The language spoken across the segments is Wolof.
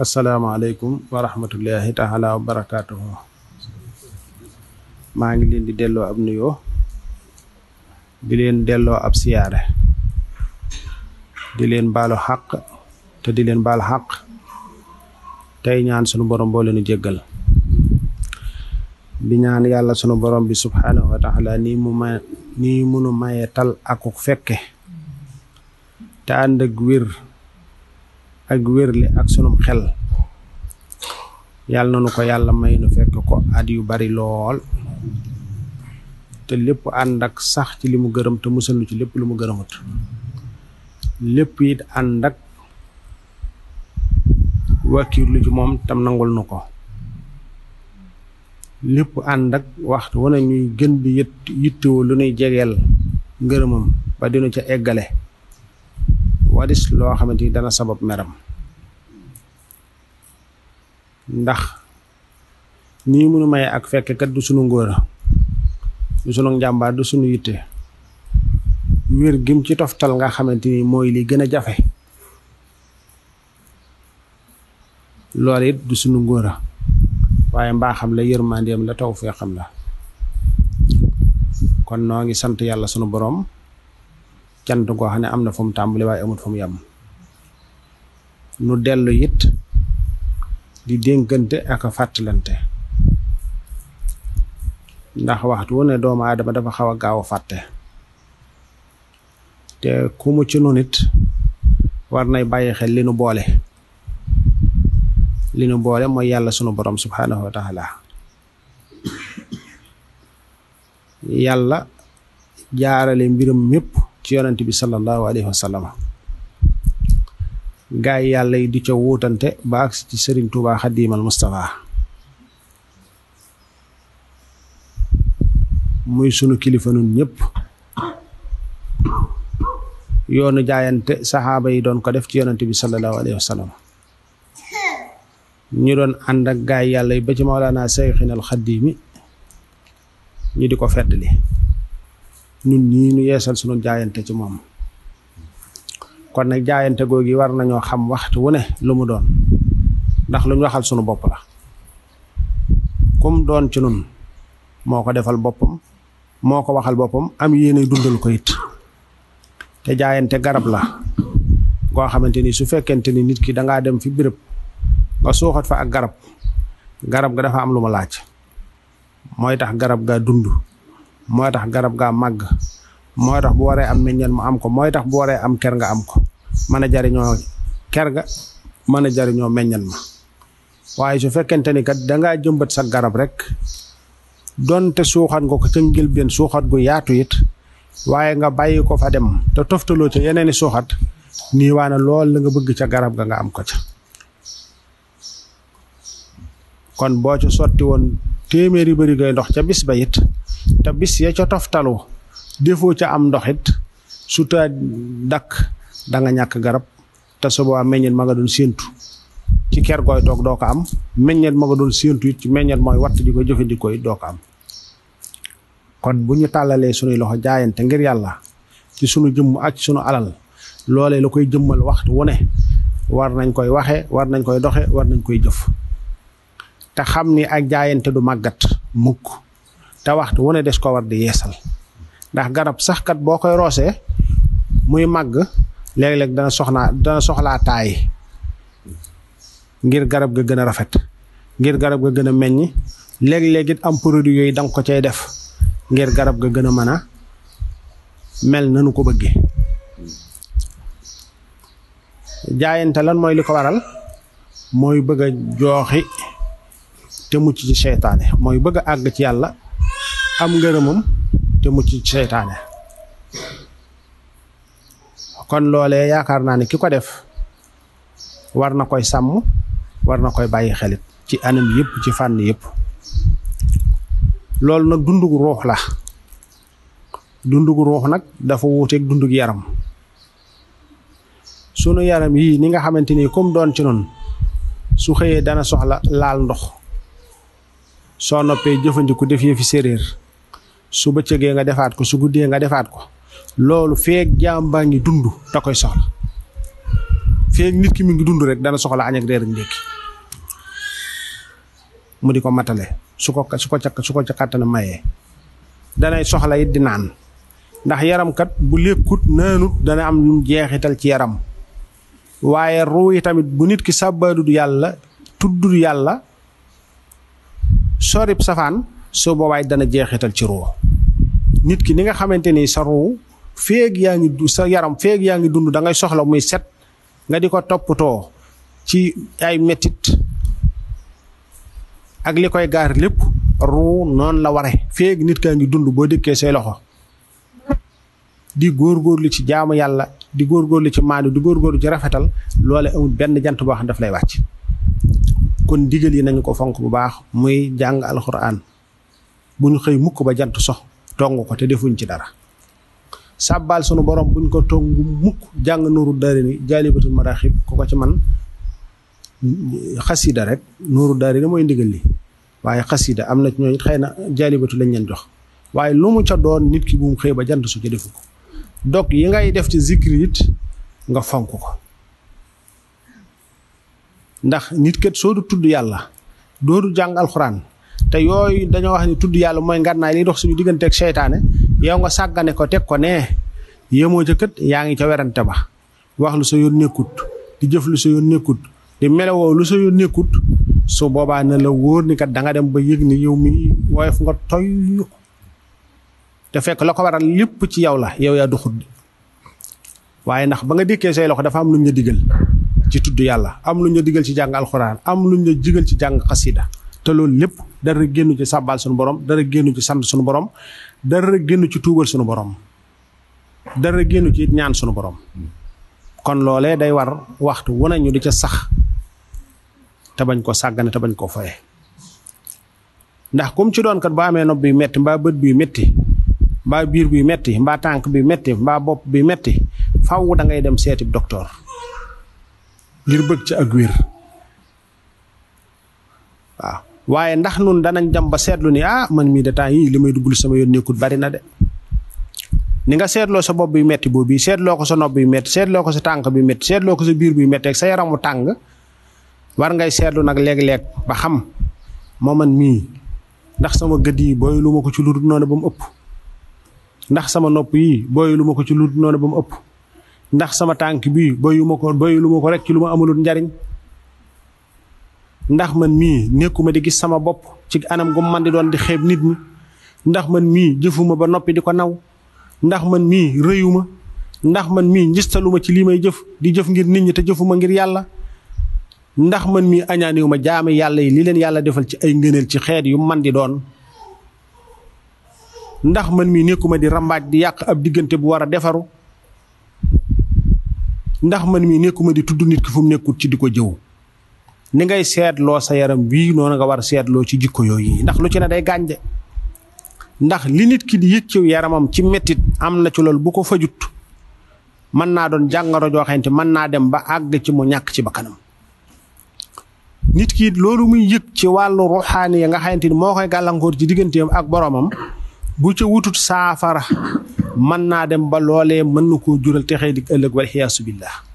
Assalamualaikum wa rahmatullahi taala wa barakatuh ma ngi len di dello ab nuyo di len delloo ab siyaare di len balu haqq te di len bal haqq tay ñaan suñu borom bo leenu jéggal di ñaan yalla suñu borom bi subhanahu wa taala ni mu ma nii munu maye tal akuk fekke ta ànd ak ak le ak sunum xel yalla nanu ko yalla may nu fekk ko at yu bari lool te lepp andak sax ci limu mu te musal nu ci lepp lu mu gërëmut lépp it andak wakir lu ci mom tam nangul nu ko lépp andak waxtu wona ñuy gën di yitté lu nuy jégel ba dina ca eggale wadis loo xamanteni dana sabab meram ndax ni mënu may ak fekke kat du sunu ngora du sunu njàmbaar du sunu yitte wér gim ci toftal nga xamanteni moy li gëna jafé jafe du sunu ngóora waaye mbaaxam la am la taw fee xam la kon no ngi sant yalla sunu borom cant goo xam ne am na amut yam nu delu di dénkante ak a fàttalante ndax waxtu wu ne doomu aadama dafa xaw a gaaw a fàtte te ku mu ci war nay bàyyi xel li nu boole li nu boole mooy yàlla sunu borom subhaanahu wa yàlla jaarale mbiram mépp ci yonent bi sallallahu alayhi wa gaay yàlla yi di ca wóotante ba agsi ci sëriñ Tuubaa xadiimal Mustafaa muy sunu kilifa nun ñëpp yoonu jaayante saxaaba yi doon ko def ci yonante bi sallallahu alayhi wa ñu doon ànd ak gaay yàlla yi ba ci Mawlaana Seyxinal Xadiimi ñu di ko feddali ñun ñii ñu yeesal sunu jaayante ci moom kon nak jaayante gogi war nañu xam waxtu wone lu mu doon ndax luñ waxal sunu bop la kum doon ci nun moko defal bopam moko waxal bopam am yene dundal ko it te jaayante garab la go xamanteni su fekente ni nit ki da nga dem fi birëb nga fa ak garab garab ga dafa am lu laaj tax garab ga dundu moy tax garab ga mag mooy tax bu waree am meññeen mu am ko mooy tax bu waree am ker nga am ko mën a jariñoo ker nga mën a jariñoo meññeen ma waaye su fekkente ni kat dangaa jëmbat sa garab rek donte suuxat nga ko ca njëlbeen suuxat gu yaatu it waaye nga bàyyi ko fa dem te toftaloo ca i suuxat nii lool la nga bëgg ca garab ga nga am ko ca kon boo ca sotti woon téeméeri bëri ngay ndox ca bis ba it te bis yee ca toftalu defoo ca am ndoxit su ta dakk da nga ñàkk garab te su boobaa meññeet ma nga doon séentu ci ker gooy toog doo ko am meññeet ma nga doon séentu it ci meññeet mooy watt di ko jëfandikoo it doo ko am kon bu ñu tàllalee sunuy loxo jaayante ngir yàlla ci sunu jëmm ak ci sunu alal loolee la koy jëmmal waxtu wu ne war nañ koy waxe war nañ koy doxe war nañ koy jëf te xam ni ak jaayante du màggat mukk te waxtu wu ne des ko war di yeesal ndax garab sax kat boo koy roosee muy màgg léeg-léeg dana soxna dana soxlaa taay ngir garab ga gën a rafet ngir garab ga gën a meññ léeg-léeg it am produit yooyu da ko cay def ngir garab ga gën a mel nanu ko bëggee jaayante lan mooy li waral mooy bëgg a jooxi te mucc ci seytaane mooy bëgg a àgg ci yàlla am ngërëmam te mucc ci seytaane kon loole yaakaar naa ne ki ko def war na koy sàmm war na koy bàyyi xelit ci anam yëpp ci fànn yëpp loolu nag dundug ruux la dundug ruux nag dafa wuuteeg dundug yaram sunu yaram yii ni nga xamante ni comme doon ci noonu su xëyee dana soxla laal ndox soo noppee jëfandiku def yëfi séréer su beccege nga defaat ko su guddee nga defaat ko lolou feeg jamba ngi dundu takoy soxla feeg nit ki mi ngi dundu rek dana soxla añ ak reer ak mu diko matale su ko su ko ciak su ko ca soxla yi di nan ndax yaram kat bu lekut nanu dana am ñu jeexital ci yaram waye ruu yi tamit bu nit ki sàbbaadut yalla tuddut yalla sorib safan so bobay dana jeexital ci nit ki ni nga xamante ni sa ruu feeg yaa ngi du sa yaram feeg yaa ngi dund da ngay soxla muy set nga di ko toppatoo ci ay metit ak li koy gaar lépp ruu noonu la ware feeg nit kaa ngi dund boo dëkkee say loxo di góorgóorlu ci jaamu yàlla di góorgóorlu ci maanu di góorgóorlu ci rafetal loole amul benn jant boo xam daf lay wàcc kon digal yi nañu ko fonk bu baax muy jàng alxuraan bu ñu xëy mukk ba jant sox dong ko te defuñ ci dara sabbal sunu borom buñ ko tongu mukk jang nuru ni jalibatul marahib ko ko ci man khasida rek nuru ni moy ndigal li waye khasida amna ci ñoy xeyna jalibatu lañ ñen jox waye lu mu ca doon nit ki bu mu xey ba jant su ci defu ko dok yi ngay def ci zikri it nga fonku ko ndax nit kat so tuddu yalla do jang alquran te yoy dañu wax ni tuddu yalla moy ngànnaay li dox suñu digënté ak shaytané yow nga sàggane ko tek ko né yemoo ci kët yaangi ci wéranté ba wax lu sa yoon nekkut di jëf lu sa yoon nekkut di melewoo lu sa yoon nekkut su boba na la woor ni kat da nga dem ba yegg ni yow mi woyof nga toy te fekk la ko waral lepp ci yow la yow ya duxut waye nak ba nga dékkee say loxo dafa am lu ñu digal ci tuddu yalla am lu ñu ci jang alcorane am lu ñu ci jang qasida te loolu lépp dara génn ci sàbbaal sunu borom dara génn ci sant sunu borom dara génn ci tuugal sunu borom dara génn ci ñaan sunu borom kon loolee day war waxtu wu ñu di ca sax te bañ ko sàggane te bañ ko foye ndax kum ci doon kat ba amee nopp bi metti mbaa bët bi metti mbaa biir bi metti mbaa tànk bi metti mbaa bopp bi metti faw da ngay dem seeti doktor ngir bëgg ci ak wér waaye ndax nun danañ dem ba seetlu ni ah man mii de temps yii li may sama yoon nekkut bari na de ni nga seetloo sa bopp bi metti boobu seetloo ko sa nopp bi metti seetloo ko sa tànk bi metti seetloo ko sa biir bi metti ak sa yaramu tàng war ngay seetlu nag léeg-léeg ba xam moo man mii ndax sama gëd yi booy lu ma ko ci lu noonu ba mu ëpp ndax sama nopp yi booy lu ma ko ci lu noonu ba mu ëpp ndax sama tànk bi booyu ma ko booyu lu ma ko rek ci lu ma amulul njariñ ndax man mii nekkuma di gis sama bopp ci anam gu man di doon di xeeb nit ñi ndax man mii jëfuma ba noppi di ko naw ndax man mii rëyuma ndax man mii njistaluma ci lii jëf di jëf ngir nit ñi te jëfuma ngir yàlla ndax man mi añaaniwuma jaami yàlla yi li leen yàlla defal ci ay ngëneel ci xeet yu man di doon ndax man mi nekkuma di rambaaj di yàq ab diggante bu war defaru ndax man mi nekkuma di tudd nit ki fu mu nekkut ci di ko jëw ni ngay seetloo sa yaram wii noonu nga war a seetloo ci jikko yooyu ndax lu ci na day gànje ndax li nit ki di ci yaramam ci mettit am na ci loolu bu ko fajut mën naa doon jàngoro joo xamante mën naa dem ba àgg ci mu ñàkk ci bakkanam nit kiit loolu muy yëg ci wàllu ruxaani ya nga xamante ni moo koy gàllankoor ci digganteem ak boroomam bu ca wutut saafara mën naa dem ba loolee mën na ko jural te xëy di ëllëg wal xiyaasu billah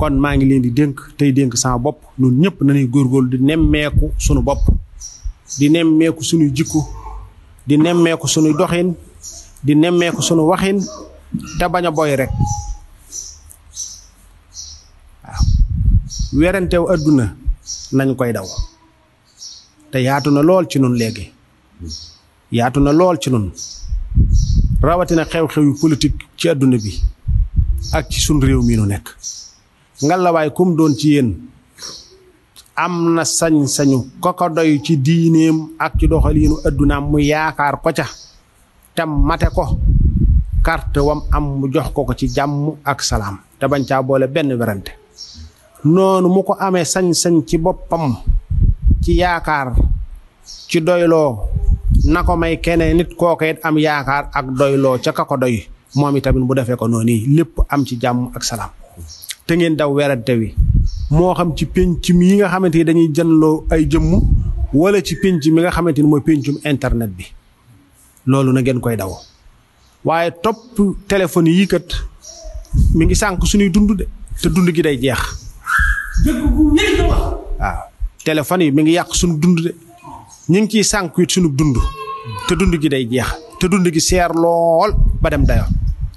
kon maa ngi leen di dénk tey dénk sama bopp ñun ñëpp nañuy góorgóorlu di nemmeeku sunu bopp di nemmeeku suñuy jikku di nemmeeku suñuy doxin di nemmeeku sunu waxin te bañ a boy rek waaw werantew àdduna nañ koy daw te yaatu na lool ci nun léegi yaatu na lool ci nun rawatina xew-xew yu politique ci àdduna bi ak ci sunu réew mi nu nekk ngalawaay kum doon ci yéen am na sañ-sañu ko ko doy ci diineem ak ci doxaliinu addunaam mu yaakaar ko ca tam mate ko carte wam am mu jox ko ko ci jàmm ak salaam te bañ caa boole benn werante noonu mu ko amee sañ-sañ ci boppam ci yaakaar ci doyloo na ko may keneen nit kooka it am yaakaar ak doyloo ca ka ko doy moom itamit bu defee ko noonu lépp am ci jàmm ak salaam te ngeen daw werante wi moo xam ci pénc mi yi nga xamante ni dañuy janloo ay jëmm wala ci pénc mi nga xamante ni mooy péncum internet bi loolu na ngeen koy daw waaye topp téléphone yi kat mi ngi sànq suñuy dund de gi day jeex. dëgg gu yi mi ngi yàq suñu dund de ñu ngi ciy sànq it dund te dund gi day jeex te dund gi seer lool ba dem te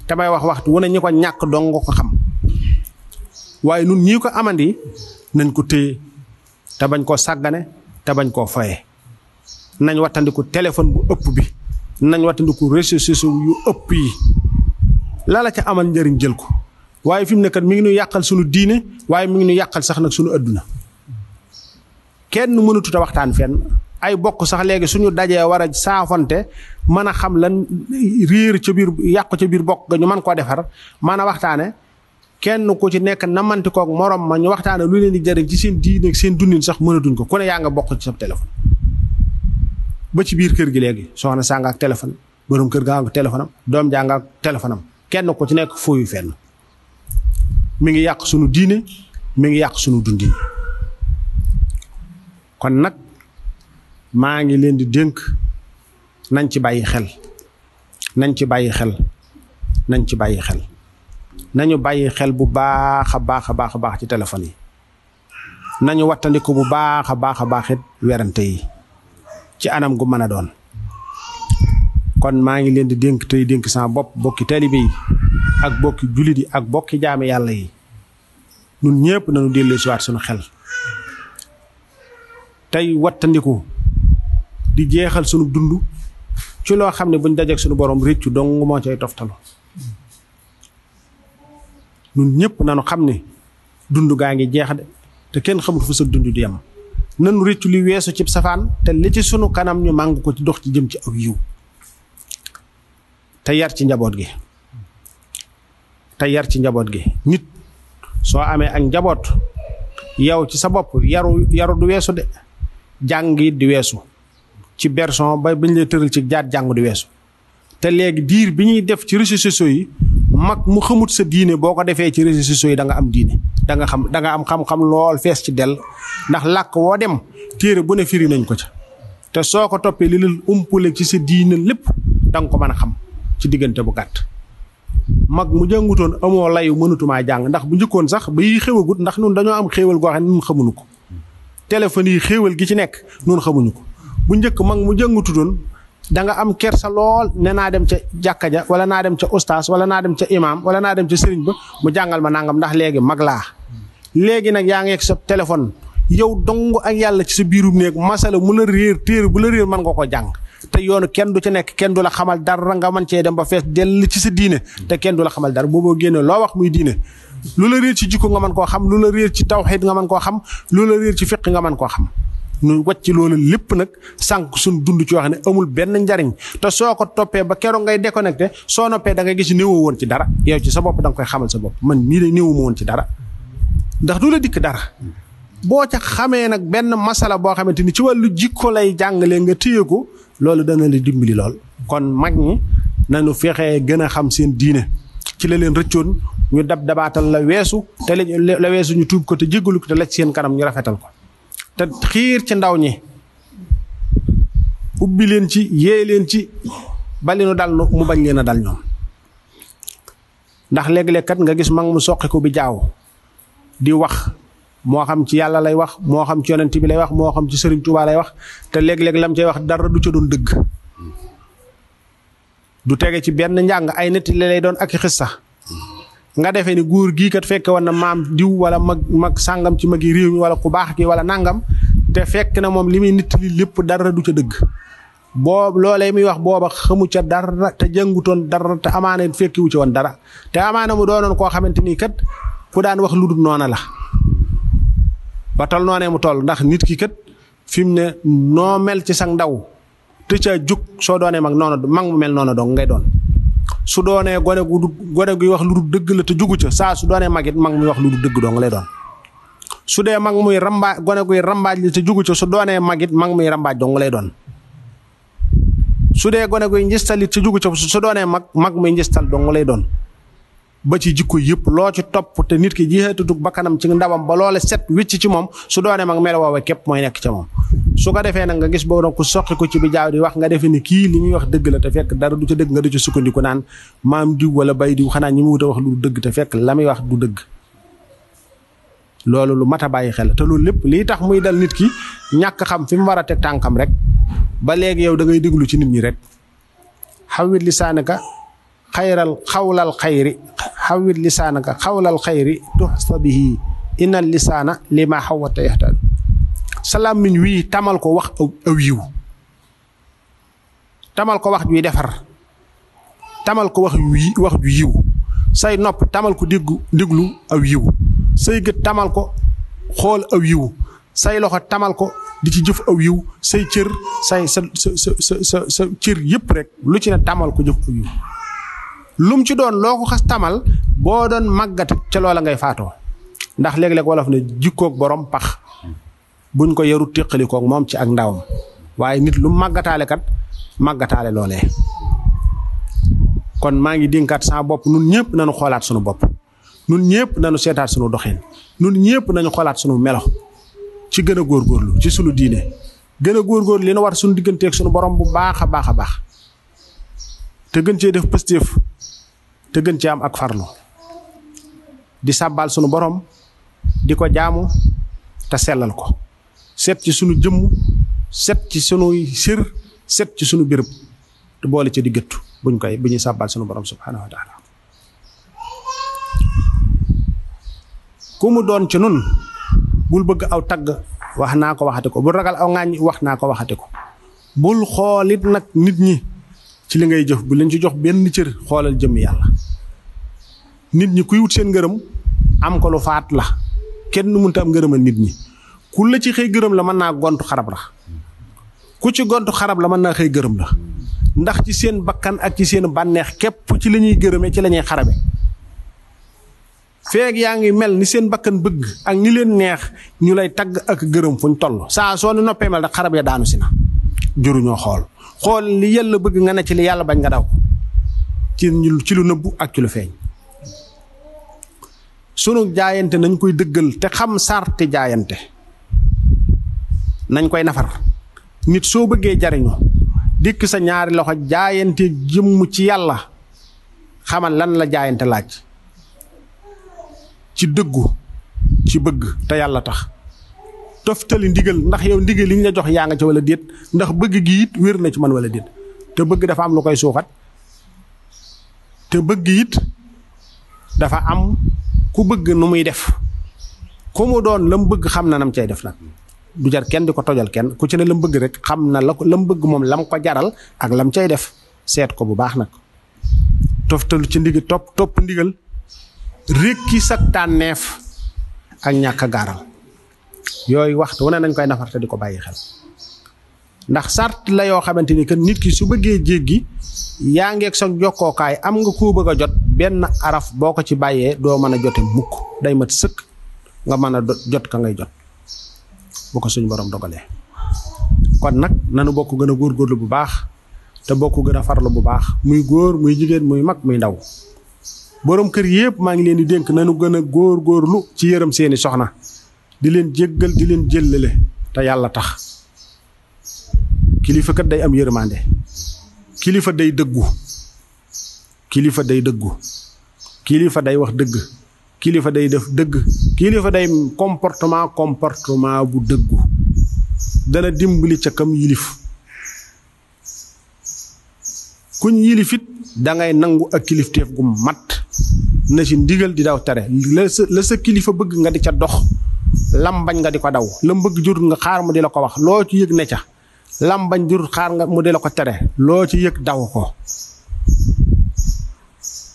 damay wax waxtu wane ñi ko ñàkk dong nga ko xam. waaye nun ñii ko amandi nañ ko téye te bañ ko sàggane te bañ koo faye nañ wattandiku téléphone bu ëpp bi nañ wattandiku réseaux sociaux yu ëpp yi la la ca amal njëriñ jël ko waaye fi mu nekkat mi ngi ñu yàqal sunu diine waaye mi ngi ñu yàqal sax nag sunu àdduna kenn mënatuta waxtaan fenn ay bokk sax léegi suñu dajee war a saafonte xam lan riir ca biir yàqu ca biir bokk ga ñu koo defar mën kenn ku ci nekk namanti koog morom ma ñu waxtaane lu leen di jëriñ ci seen diine ak seen dundin sax mënatuñ ko ku ne yaa nga bokk ci sa téléphone. ba ci biir kër gi léegi soxna sànga ak téléphone borom kër ga ak téléphone doom jaa nga ak kenn ku ci nekk fooyu fenn mi ngi yàq sunu diine mi ngi yàq sunu dundin kon nag maa ngi leen di dénk nañ ci bàyyi xel nañ ci bàyyi xel nañ ci bàyyi xel. nañu bàyyi xel bu baax a baax a baax a baax ci téléphone yi nañu wattandiku bu baax a baax a baaxit it werante yi ci anam gu mën a doon kon maa ngi leen di dénk tey dénk sama bopp bokki taalibe yi ak bokki jullit yi ak bokki jaame yàlla yi ñun ñëpp nañu dellu si waat suñu xel tey wattandiku di jeexal sunu dund ci loo xam ne buñ dajeek sunu borom réccu dong moo cay toftalu nun ñëpp nañu xam ne dund gaa ngi jeex de te kenn xamul fu sa dund di yam nanu rëccu li weesu ci safaan te li ci sunu kanam ñu màng ko ci dox ci jëm ci aw yiw te yar ci njaboot gi te yar ci njaboot gi nit soo amee ak njaboot yow ci sa bopp yaru yaru du weesu de jàng it di weesu ci berson ba biñ lay tëral ci jaar jàng di weesu te léegi diir bi ñuy def ci réseaux sociaux yi mag mu xamut sa diine boo ko defee ci réseaux sociaux yi da am diine danga xam danga am xam-xam lool fees ci dell ndax làkk woo dem téere bu ne firi nañ ko ca te soo ko toppee li leen ci sa diine lépp da ko mën a xam ci diggante bu gàtt. mag mu jàngutoon amoo layu mënatumaa jàng ndax bu njëkkoon sax ba yi xewagut ndax nun dañoo am xéewal goo xam ne nun xamuñu ko téléphone yi xéewal gi ci nekk nun xamuñu ko bu njëkk mag mu jàngututoon da nga am kersa lool ne naa dem ca jàkka ja wala naa dem ca ustaas wala naa dem ca imaam wala naa dem ca sëriñ ba mu jàngal ma nangam ndax léegi mag laa léegi nag yaa ngi ak sa téléphone yow dong ak yàlla ci sa biirum néeg masala mu la réer téere bu la réer mën nga ko jàng te yoon kenn du ca nekk kenn du la xamal dara nga mën cee dem ba fees dell ci sa diine te kenn du la xamal dara booboo génne loo wax muy diine lu la réer ci jikko nga mën koo xam lu la réer ci tawxiid nga mën koo xam lu la réer ci fiq nga mën koo xam nu wàcc loolu lépp nag sànq suñ dund ci wax ne amul benn njariñ te soo ko toppee ba keroog ngay déconnecté soo noppee da ngay gis néewoo woon ci dara sa bopp da koy xamal sa bopp man mii de néewuma woon ci dara ndax du la dikk dara boo ca xamee nag benn masala boo xamante ni ci wàllu jikko lay jàngalee nga téye ko loolu dana la dimbali lool kon mag ñi na nu feexee gën a xam seen diine ci la leen rëccoon ñu dab dabaatal la weesu te la weesu ñu tuub ko te jéggalu ko te laj seen kanam ñu rafetal ko te xiir ci ndaw ñi ubbi leen ci yee leen ci balinu dal mu bañ leen a dal ñoom ndax léeg-léeg kat nga gis mag mu soqiku bi jaaw di wax moo xam ci yàlla lay wax moo xam ci yonent bi lay wax moo xam ci sëriñ tuuba lay wax te léeg-léeg lam cay wax dara du ca doon dëgg du tege ci benn njàng ay nit lay doon ak xissa nga defee ni góor gii kat fekk woon na maam diw wala mag mag ci magi réew mi wala ku baax ki wala nangam te fekk na moom li muy nit li lépp dara du ca dëgg. boobu loolee muy wax booba xamu ca dara te jàngutoon dara te amaana ci woon dara te amaana mu doonoon koo xamante ni kat ku daan wax lu dul noona la. ba tol noonee mu tol ndax nit ki kat fi mu ne noo mel ci sa ndaw te ca jug soo doonee mag noonu mag mu mel noona dong ngay doon. su doonee gone gu gone guy wax lu du dëgg la te jugu ca saa su doonee mag mag muy wax lu du dëgg dong lay doon su dee mag muy ramba gone guy rambaaj la te jugu ca su doonee mag mag muy rambaaj dong lay doon su dee gone guy njistal it te jugu ca su doonee mag mag muy njistal dong lay doon ba ci jikko yep lo ci top te nit ki jiheetutug bakanam ci ndawam ba lolé set wicc ci mom su doone mak mel woowa kep So nek ci mom su ko defé nak nga gis bo ku ko ci bi jaaw di wax nga defe ni ki li ñuy wax deug la te fek dara du ci deug nga du ci sukkandiku naan maam di wala bay di xana ñi mu wuta wax lu deug te fek lamay wax du deug lolou lu mata bayi xel te lolou lepp li tax muy dal nit ki ñak xam fi mu wara tek tankam rek ba léegi yow da ngay deglu ci nit ñi rek hawil lisanaka khawlal xawwit lisaanaka xawlal xayri tuxsa sa inal lisaana li ma xawata yaxtaadu sa làmmiñ wii tamal ko wax aw yiw tamal ko wax juy defar tamal ko wax wax ju yiw say nopp tamal ko diggu diglu aw yiw say gët tamal ko xool aw yiw say loxo tamal ko di ci jëf aw yiw say cër say sa sa sa sa sa cër yëpp rek lu ci ne tamal ko jëf aw yiw lum ci doon loo ko xas tamal boo doon màggat ca loola ngay faatoo ndax léeg-léeg wolof na jikkook borom pax buñ ko yarut téqalikook moom ci ak ndawam waaye nit lu màggataale kat màggataale loolee kon maa ngi dénkaat sa bopp nun ñëpp nañu xoolaat sunu bopp nun ñëpp nañu seetaat sunu doxin nun ñëpp nañu xoolaat sunu melo ci gën a góorgóorlu ci sunu diine gën a góorgóorlu li na war sunu digganteeg sunu boroom bu baax a baax a baax te gën cee def pëstéef te gën ci am ak farlo di sabbal sunu borom di ko jaamu te sellal ko set ci sunu jëm set ci sunuy sir set ci sunu birb te boole ci di gëttu buñ koy buñu sabbal sunu borom subhanahu wa taala ku mu doon ci nun bul bëgg aw tagg wax naa ko waxate ko bul ragal aw ŋaañ wax ko waxate bul xoolit nag nit ñi ci li ngay jox bu len ci jox ben cër xolal jëm yalla nit ñi kuy wut seen am ko lu faat la kenn mënta am ngërëmal nit ñi ku la ci xey gërëm la man na gontu xarab la ku ci gontu xarab la man na xey gërëm la ndax ci seen bakkan ak ci seen banex kep ci li ñuy gërëme ci lañuy xarabé feeg mel ni seen bakkan bëgg ak ni leen neex ñu lay ak gërëm fuñ toll sa so ni noppé mel da xarab ya daanu sina juru ñoo xol xool li yàlla bëgg nga ne ci li yàlla bañ nga daw ci ci lu nëbbu ak ci lu feeñ sunu jaayante nañ koy dëggal te xam sarti jaayante nañ koy nafar nit soo bëggee jariñu dikk sa ñaari loxo jaayante jëmm ci yàlla xamal lan la jaayante laaj ci dëggu ci bëgg te yàlla tax toftali ndigal ndax yow ndigal liñ la jox ya nga ci wala déet ndax bëgg gi it wër na ci man wala déet te bëgg dafa am lu koy suuxat te bëgg it dafa am ku bëgg nu muy def ku mu doon lam bëgg xam na nam cay def nag du jar kenn di ko tojal kenn ku ci ne lam bëgg rek xam na la lam bëgg moom lam ko jaral ak lam cay def seet ko bu baax nag toftalu ci ndigal top top ndigal ki sak tànneef ak ñàkk garal yooyu waxtu wane nañ koy nafar te di ko bàyyi xel ndax sart la yoo xamante ni que nit ki su bëggee jéggi yaa sa jokkookaay am nga koo bëgg a jot benn araf boo ko ci bàyyee doo mën a jote mukk day mat sëkk nga mën a jot ka ngay jot bu ko suñu borom dogalee kon nag nanu bokk gën a góorgóorlu bu baax te bokk gën a farlu bu baax muy góor muy jigéen muy mag muy ndaw borom kër yépp maa ngi leen di dénk nanu gën a góorgóorlu ci yërëm seeni soxna di leen jéggal di leen jëllale te yàlla tax kilifa kat day am yërmande kilifa day dëggu kilifa day dëggu kilifa day wax dëgg kilifa day def dëgg kilifa day comportement comportement bu dëggu dana dimbali ca kam yilif kuñ yilifit da ngay nangu ak kilifteef gu mat na ci ndigal di daw tare la sa kilifa bëgg nga di ca dox lam bañ nga diko daw lam bëgg jur nga xaar mu dila ko wax lo ci yëg ne ca lam bañ jur xaar nga mu dila ko téré lo ci yëg daw ko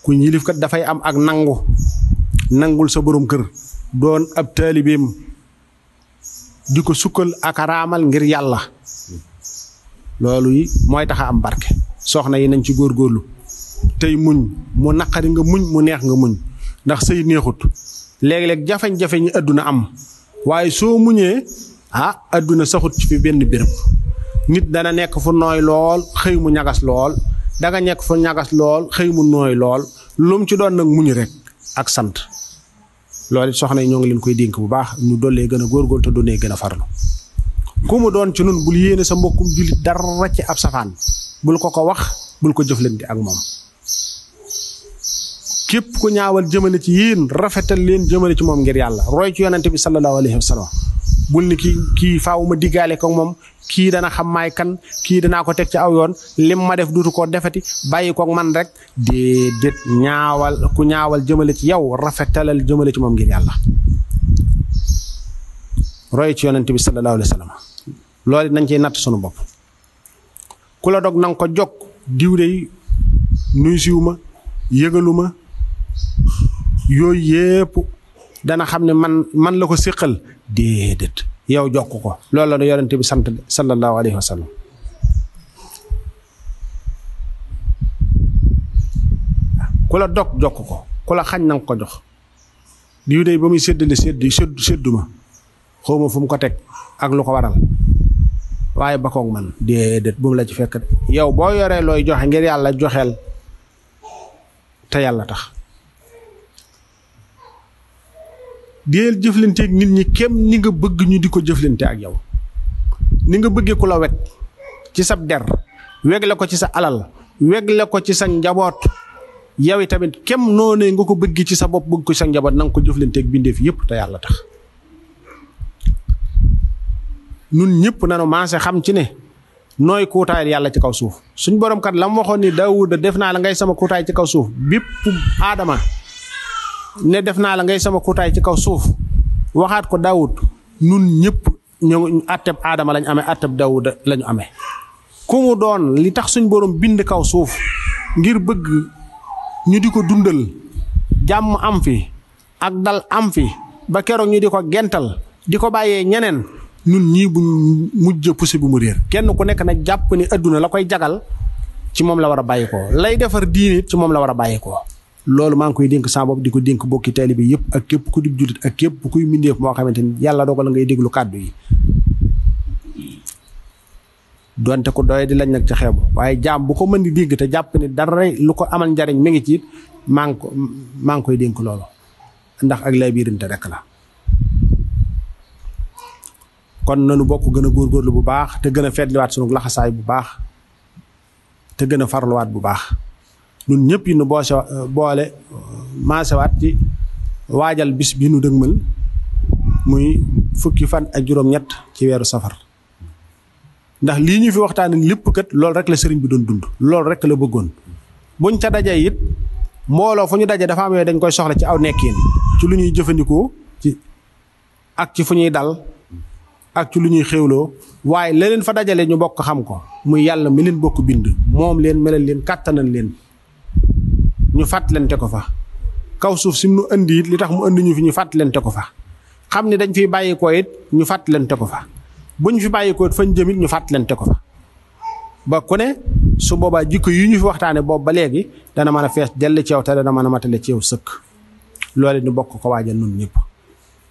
ku ñilif kat da fay am ak nangu nangul sa borom kër doon ab talibim diko sukkal ak raamal ngir yalla lolu yi taxa am barke soxna yi nañ ci gorlu tay muñ mu nakari nga muñ mu neex nga muñ ndax sey neexut léeg-léeg jafe-jafe àdduna am waaye soo muñee a ah, àdduna saxut ci fi benn béréb nit dana nekk fu nooy lool xëy mu ñagas lool danga nekk fu ñagas lool xëy mu nooy lool lu ci doon nag muñu rek ak sant loolu it soxna yi ñoo ngi leen koy dénk bu baax ñu dollee gën a góorgóorlu te du doonee gën a farlu ku mu doon ci nun bul yéene sa mbokkum jullit dara ci ab safaan bul ko ko wax bul ko jëflante ak moom képp ku ñaawal jëmale ci yéen rafetal leen jëmale ci moom ngir yàlla roy ci yonante bi sallallahu alayhi wa sallam bul ni kii kii faaw ma diggaale ko moom kii dana xam maay kan kii danaa ko teg ci aw yoon lim ma def duutu ko defati bàyyi ko man rek déedéet ñaawal ku ñaawal jëmale ci yow rafetalal jëmale ci moom ngir yàlla roy ci yonante bi sallallahu alayhi wa sallam nañ ciy natt sunu bopp ku la dog na ko jog diw nuyu siwu ma yooyu yépp dana xam ne man man la ko séqal déedéet yow jokk ko loolu la yonent bi sant sallallahu alayhi wa sallam ku la dog jokk ko ku la xañ nanga ko jox diw day ba muy séddale séddu séddu ma xawma fu mu ko teg ak lu ko waral waaye ba koog man déedéet bu mu la ci fekk yow boo yoree looy joxe ngir yàlla joxeel te yàlla tax deel jëflanteeg nit ñi kem ni nga bëgg ñu di ko jëflante ak yow ni nga bëggee ku la wet ci sab der weg ko ci sa alal wegle ko ci sa njaboot yow tamit kem noonee nga ko bëgg ci sa bopp bëgg ko ci sa njaboot nanga ko jëflanteeg bindeef yépp te yàlla tax nun ñëpp nanu maase xam ci ne nooy kuutaayal yàlla ci kaw suuf suñ borom kat la mu waxoon ni Daawuda def naa la ngay sama kuutaay ci kaw suuf bépp aadama ne def naa la ngay sama kutaay ci kaw suuf waxaat ko daoud nun ñëpp ñu atteb aadama lañ amee atteb daoud lañu amee ku mu doon li tax suñ borom bind kaw suuf ngir bëgg ñu di ko dundal jàmm am fi ak dal am fi ba keroog ñu di gental di ko bàyyee nun ñii bu mujj pousse bu mu réer kenn ku nekk na jàpp ni adduna la koy jagal ci moom la war a bàyyi ko lay defar diine ci moom la war a loolu maa koy dénk sama bopp di ko dénk bokki taalibe bi yëpp ak képp ku di jullit ak képp kuy mbindeef moo xamante ni yàlla dogal ngay déglu kàddu yi donte ko doy di lañ nag ci xeebu waaye jaam bu ko mën di dégg te jàpp ni dara lu ko amal njariñ mi ngi ci maa ngi ko maa ngi koy dénk loolu ndax ak lay biirante rekk la kon nanu bokk gën a góorlu bu baax te gën a feetliwaat sunu laxasaay bu baax te gën a farluwaat bu baax Nun ñëpp yi nu boose euh, boole euh, maasewaat ci waajal bis bi nu dëgmal muy fukki fan ak juroom ñett ci wéru safar ndax li ñu fi waxtaane lepp kat lool rek la sëriñ bi doon dund lool rek la bëggoon buñ ca dajé yit mbolo fu ñu dafa am dañ koy soxla ci aw nekkine ci lu ñuy jëfëndiko ci ak ci fu dal ak ci lu ñuy xewlo waye leneen fa dajalé ñu bokk xam ko muy yalla mi leen bokk bind mom leen melal leen katanal leen ñu fàttalante ko fa kaw suuf si nu indi it li tax mu indi ñu fi ñu fàttalante ko fa xam ne dañ fiy bàyyikoo it ñu fàttalante ko fa bu ñu fi bàyyikoo it fañ jëm it ñu fàttalante ko fa ba ku ne su boobaa jikko yi ñu fi waxtaane boobu ba léegi dana mën a fees dell ci yow te dana mën a matale ci yow sëkk loole ñu bokk ko waajal nun ñëpp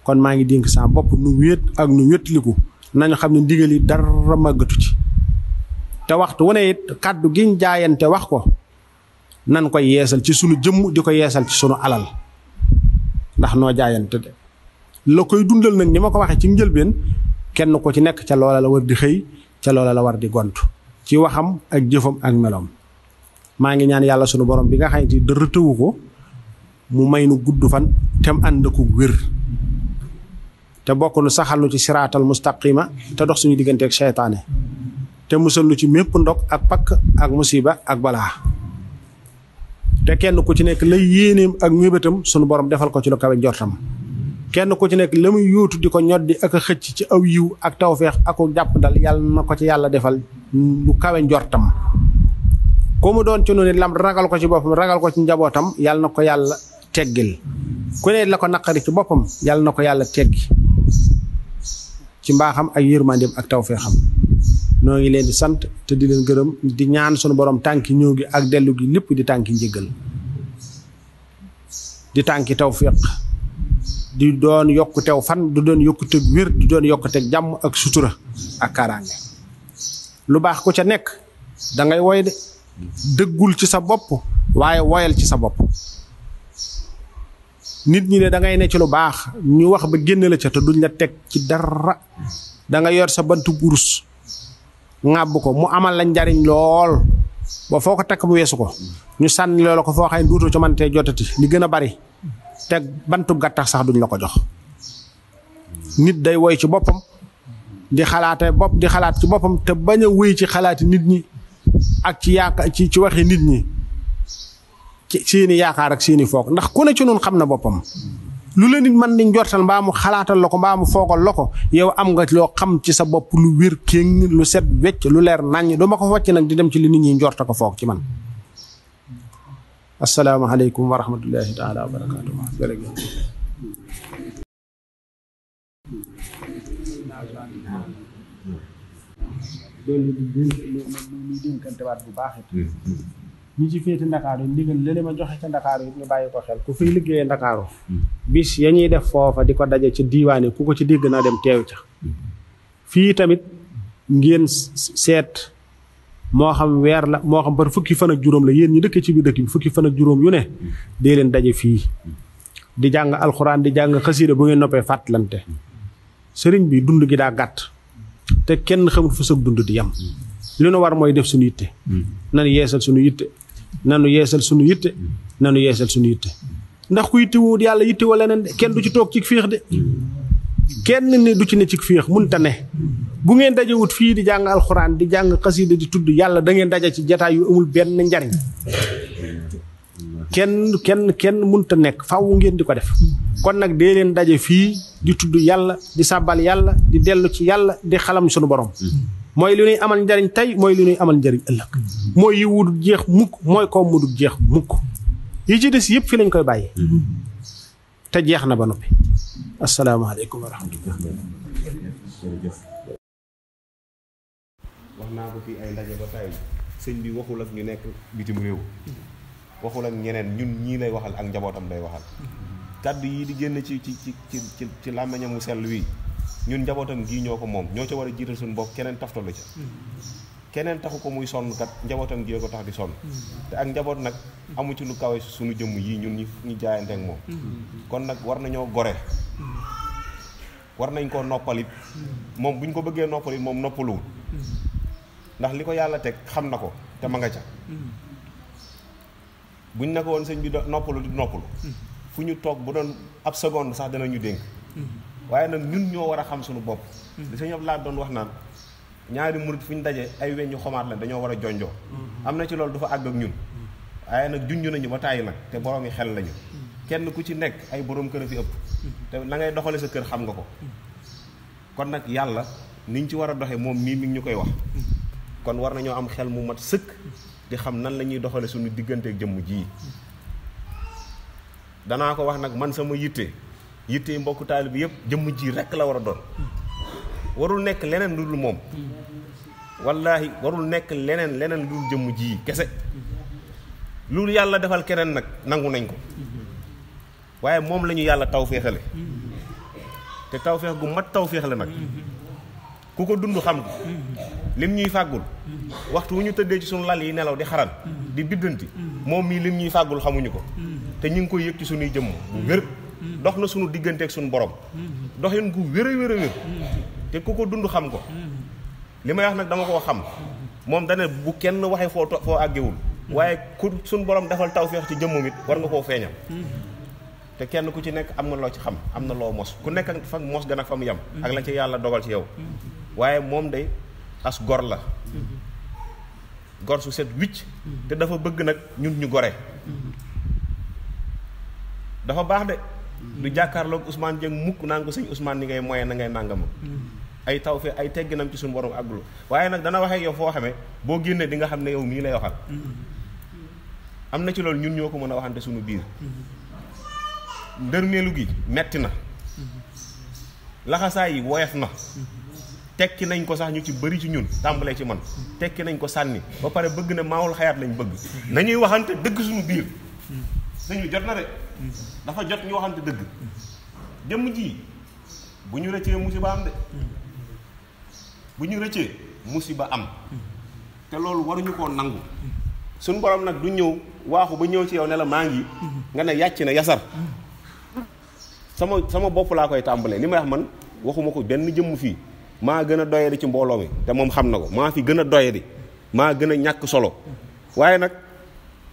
kon maa ngi dénk sa bopp nu wéet ak nu wétliku nañu xam ne ndigal yi dara màggatu ci te waxtu wu ne it kàddu giñ jaayante wax ko nan koy yeesal ci sunu jëm di ko yeesal ci sunu alal ndax no jaayante de la koy dundal nak nima ko waxe ci njëlbeen kenn ko ci nek ca loola la war di xey ca loola la war di gontu ci waxam ak jëfam ak melom ma ngi ñaan yalla sunu borom bi nga xanti de dara ko mu maynu guddu fan tem and ko wër te bokku nu saxalu ci siratal mustaqima te dox suñu ak shaytané te musal nu ci mépp ndok ak pak ak musiba ak balaa te kenn ku ci nekk lay yéeneem ak mébétam sunu borom defal ko ci lu kawe njortam kenn ku ci nekk la muy yóotu di ko ñoddi ak a xëcc ci aw yiw ak tawfeex ak jàpp dal yàlla na ko ci yàlla defal lu kawe njortam. ku mu doon ci noonu lam ragal ko ci boppam ragal ko ci njabootam yàlla na ko yàlla teggil ku ne la ko naqari ci boppam yàlla na ko yàlla teggi ci mbaaxam ak yërmandeem ak taw tawfeexam noo ngi leen di sante te di leen gërëm di ñaan sunu borom tanki ñëw gi ak delu gi lepp di tanki njëgal di tanki tawfiq di doon yokkutew fan du doon te wir di doon te jam ak sutura ak karange lu bax ko ca nekk da ngay woy de deggul ci sa bop waye woyal ci sa bop nit ñi ne da ngay ne ci lu bax ñu wax ba génn la ca te duñ la tek ci dara da nga yor sa bantu burus ŋàbb ko mu amal lañ jariñ lool ba foko tak takk mu weesu ko ñu san loola ko fo xay ci man te jotati li gëna bari te bantu gattax sax duñ la ko jox nit day woy ci bopam di xalaate bop di xalaat ci bopam te baña a ci xalaati nit ñi ak ci yaaka ci ci waxi nit ñi ci seeni ak seeni ndax ku ne ci xamna bopam lu la nit man di njortal mbaa mu xalaatal la ko mbaa mu foogal ko yow am nga loo xam ci sa bopp lu wér kéng lu set wecc lu leer naññ duma ko wàcc nag di dem ci li nit ñi njorta ko foog ci man asalaamaaleykum wa rahmatullahi taala wa barakaatu loolu ñi ci féete ndakaaru yi ndigal lële ma joxe ca ndakaaru yi ñu bàyyi ko xel ku fiy liggéeyee ndakaaru hmm. bis ya ñuy def foofa di ko daje ci diiwaane ku ko ci dégg na dem teew ca hmm. fii tamit ngeen seet moo xam weer la moo xam par fukki fan juróom la yéen ñi dëkk ci biir dëkk bi fukki fan ak juróom yu ne hmm. dee leen daje fii di jàng alxuraan di jàng xasiida bu ngeen noppee fàttalante sëriñ bi dund gi daa gàtt te kenn xamul fu sa dund di yam li nu war mooy nanu yeesal sunu yitte nanu yeesal sunu yitte ndax ku yitte woo yalla yitte wala nen kenn du ci tok ci fiix de kenn ne du ci ne ci fiix ta ne bu ngeen daje wut fi di jang alquran di jang qasida di tuddu yalla da ngeen daje ci jataay yu amul benn njariñ kenn kenn kenn munta nekk faaw ngeen di def kon nak de len daje fi di tuddu yalla di sabbal yalla di delu ci yalla di xalam sunu borom mooy li ñuy amal njariñ tey mooy li ñuy amal njariñ ëllëg mooy yi wu jeex mukk mooy koom mu jeex mukk yi ci des yépp fi lañ koy bàyyi te jeex na ba noppi asalaamaaleykum wa rahmatullah wax naa ko ay ndaje ba bi waxul ñu nekk bitim réew waxul ak ñeneen ñun ñii lay waxal ak njabootam lay waxal kàddu yii di génn ci ci ci ci ci làmmiñam sell wii ñun njabootam gii ñoo ko moom ñoo ca war a jiital suñu bopp keneen taftalu ca keneen taxu ko muy sonn kat njabootam gi ko tax di sonn te ak njaboot nag amu ci lu kawe suñu jëmm yi ñun ñu jaayante ak moom kon nag war nañoo gore war nañ koo noppalit moom bu ñu ko bëggee noppalit moom noppaluwul ndax li ko yàlla teg xam na ko te ma nga ca buñ ne woon sëñ bi noppalu di noppalu fu ñu toog bu doon ab seconde sax ñu dénk waaye nag ñun ñoo war a xam suñu bopp li doon wax naan ñaari murit fu ñu daje ay weññu xomaat lañ dañoo war a jonjoo am na ci loolu du fa àgg waaye nag junj nañu ba tàyyi nag te borom yi xel lañu kenn ku ci nekk ay borom kër a fi ëpp te sa kër xam nga ko kon nag yàlla niñ ci war a doxee moom mii mi ñu koy wax kon war nañoo am xel mu mat sëkk di xam nan la ñuy doxale suñu diggante ak jëmm ji danaa ko wax nag man sama yitte yittee mbokku taali bi yëpp jëmm jii rek la war a doon warul nekk leneen lu dul moom wallaahi warul nekk leneen leneen lu dul jëmm ji kese loolu yàlla defal keneen nag nangu nañ ko waaye moom la ñu yàlla tawféexale te tawféex gu mat tawféex la nag ku ko dund xam ko lim ñuy fàggul waxtu wu ñu tëddee ci suñu lal yi nelaw di xaran di biddanti moom mii li ñuy fàggul xamuñu ko te ñu ngi koy yëg ci suñuy jëmm wér dox na sunu diggante ak sunu borom. doxin gu wér a wér te ku ko dund xam ko. li may wax nag dama koo xam. moom dane bu kenn waxee foo foo àggewul. waaye ku sunu borom defal tawféex ci jëmmam it war nga koo feeñal. te kenn ku ci nekk am na loo ci xam am na loo mos ku nekk fa mos gën a fa mu yem. ak la ci yàlla dogal ci yow. waaye moom day as gor la. gor su set wicc. te dafa bëgg nag ñun ñu gore. dafa baax de. lu jàkkaarloog Ousmane Dieng mukk naan ko sëñ Ousmane ni ngay moye na ngay nàngama ay taw fe ay tegginam ci suñu borom àggulu waaye nag dana waxee yow foo xamee boo génnee dinga xam ne yow mii lay waxal am na ci loolu ñun ñoo ko mën a waxante suñu biir ndërmeelu gi metti na laxasaay yi woyof na tekki nañ ko sax ñu ci bëri ci ñun tàmbalee ci man tekki nañ ko sànni ba pare bëgg na maawul xayaat lañ bëgg nañuy waxante dëgg suñu biir suñu jot na de dafa jot ñu waxante dëgg jëmm ji bu ñu rëccee musiba am de bu ñu rëccee musiba am te loolu waruñu koo nangu suñ borom nag du ñëw waaxu ba ñëw ci yow ne la maa ngi nga ne yàcc na yasar sama sama bopp laa koy tàmbalee li may wax man waxuma ko benn jëmm fii maa gën a doyadi ci mbooloo mi te moom xam na ko maa fi gën a doyadi maa gën a ñàkk solo waaye nag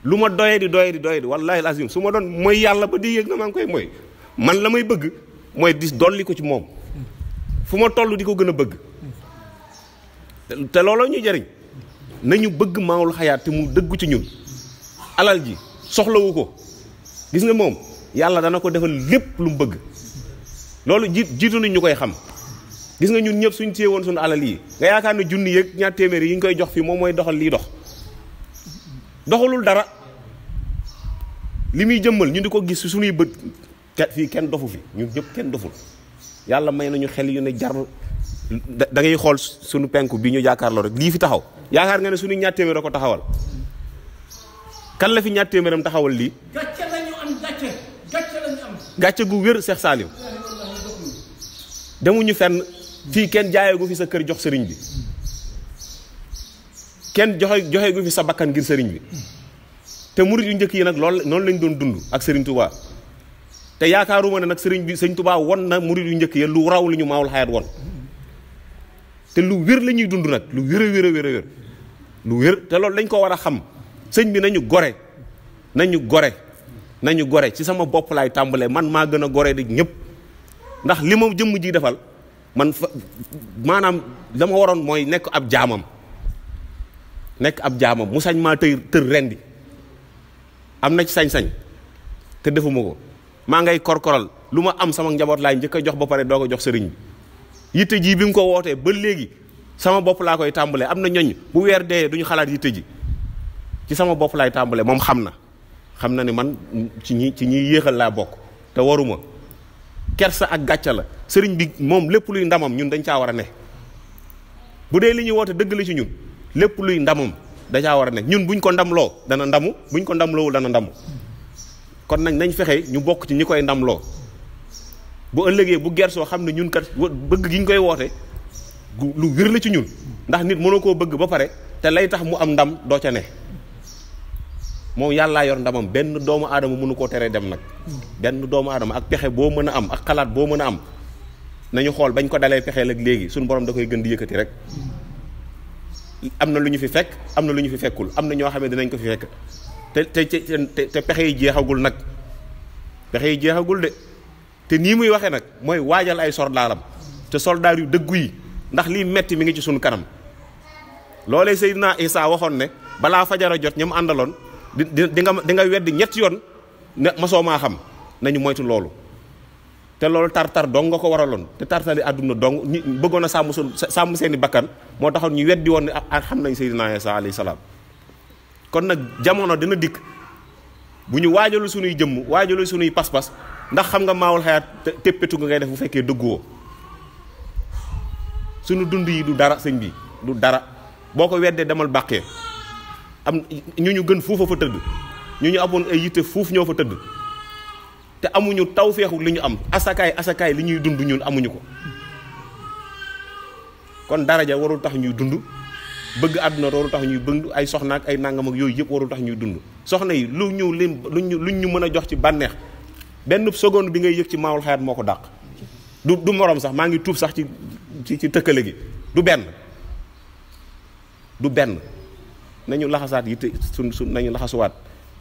lu ma doye di doye di doye di wallaahi lazim su ma doon mooy yàlla ba di yëg na maa ngi koy mooy man la may bëgg mooy di dolli ko ci moom fu ma toll di ko gën a bëgg te looloo ñu jëriñ nañu bëgg maawul xayaat te mu dëggu ci ñun alal ji soxlawu ko gis nga moom yàlla dana ko defal lépp lu mu bëgg loolu ji jiitu nañ ñu koy xam gis nga ñun ñëpp suñ téye woon suñu alal yi nga yaakaar ne junni yeeg ñaar téeméer yi ñu koy jox fii moom mooy doxal lii dox doxalul dara li muy jëmmal ñu di ko gis sunuy bët fii kenn dofu fi ñun ñëpp kenn doful yàlla may na ñu xel yu ne jar da ngay xool suñu penku bi ñu jàkkaarloo rek lii fi taxaw yaakaar nga ne suñu ñaar téeméer ko taxawal kan la fi ñaar taxawal lii. gàcce am gàcce gu wér Cheikh Saliou demuñu fenn fii kenn jaayagu fi sa kër jox sëriñ bi. kenn joxe joxe gu fi sa bakkan ngir sëriñ bi te murit yu njëkk yi nag lool noonu lañ doon dund ak sëriñ Touba te yaakaaruma ne nag sëriñ bi sëriñ Touba won na murit yu njëkk ya lu raw li ñu maawul xayaat won te lu wér lañuy dund nag lu wér a wér lu wér te loolu dañ ko war a xam sëñ bi nañu gore nañu gore nañu gore ci sama bopp laay tàmbalee man maa gën a gore di ñëpp ndax li ma jëmm ji defal man fa maanaam dama waroon mooy nekk ab jaamam nekk ab jaamam mu sañ maa tëy tër rendi am na ci sañ-sañ te defuma ko maa ngay korkoral lu ma am sama njaboot laay njëkk a jox ba pare doo ko jox sëriñ bi yitte ji bi mu ko wootee ba léegi sama bopp laa koy tàmbale am na ñoñ bu weer dee duñu xalaat yitte ji ci sama bopp laay tàmbale moom xam na xam na ne man ci ñi ci ñiy yéexal laa bokk te waruma kersa ak gàcca la sëriñ bi moom lépp luy ndamam ñun dañ caa war a ne bu dee li ñu woote dëgg la ci ñun lépp luy ndamam dajaa war a nekk ñun buñ ko ndamloo dana ndamu buñ ko ndamloowul dana ndamu kon nag nañ fexe ñu bokk ci ñi koy ndamloo bu ëllëgee bu gersoo xam ne ñun kat bëgg gi ñu koy woote lu wér la ci ñun ndax nit mënu koo bëgg ba pare te lay tax mu am ndam doo ca ne moom yàllaa yor ndamam benn doomu aadama mënu koo teree dem nag benn doomu aadama ak pexe boo mën a am ak xalaat boo mën a am nañu xool bañ ko dalee pexeel ak léegi suñu borom da koy gën di yëkkati rek am na lu ñu fi fekk am na lu ñu fi fekkul am na ñoo xam ne dinañ ko fi fekk te te te te pexe yi jeexagul nag pexe yi jeexagul de te nii muy waxee nag mooy waajal ay soldaaram te soldaar yu dëggu yi ndax lii metti mu ngi ci suñu kanam loole loolee Seydina Isa waxoon ne balaa fajara jot ñam àndaloon di di nga di nga weddi ñetti yoon ne masoo maa xam nañu moytu loolu. te tar tar dong nga ko tetar te tar aduna dong ñi na samusun sam sun bakkan mo taxon ñu weddi won ne ah, ah, xam nañ sayyidina Isa alayhi salam kon nak jamono dina dik bu ñu waajalu sunuy jëmm waajalu pas-pas ndax xam nga mawul hayat teppetu nga ngay def bu fekke dëgguwoo sunu dund yi du dara señ bi du dara boko ko demal bàqee am ñu ñu gën fa teud ñu ñu ay yitte te amuñu tawfiixu liñu am asakaay asakaay li dund ñun amuñu ko kon daraja warul tax ñuy dund bëgg aduna warul tax ñuy bëndu ay soxna ak ay nangam ak yoy yëpp warul tax ñuy dund soxna yi lu ñu leen lu ñu mëna jox ci banex benn seconde bi ngay yëg ci maawul moko du du morom sax maa ngi tuub sax ci ci ci gi du benn du benn nañu laxasaat yi te sun sun nañu laxasuwaat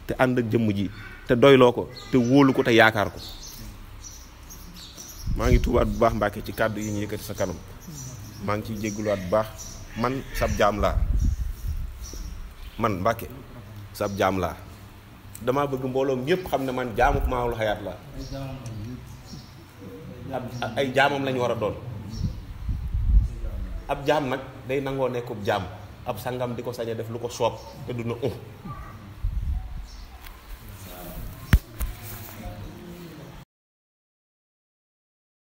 te ànd ak jëmm ji te doyloo ko te wolu ko te yaakaar ko ma ngi tuubaat bu baax mbàkke ci kaddu yi ñu sa kanam ma ngi bu man sab jam la man mbàkke sab jam la dama bëgg mbolom ñëpp xamne ne man jaamu maawul hayat la ay jaamam lañu wara doon ab jamat nak day nangoo nekkub jam ab sangam di ko sañe def lu ko te du um.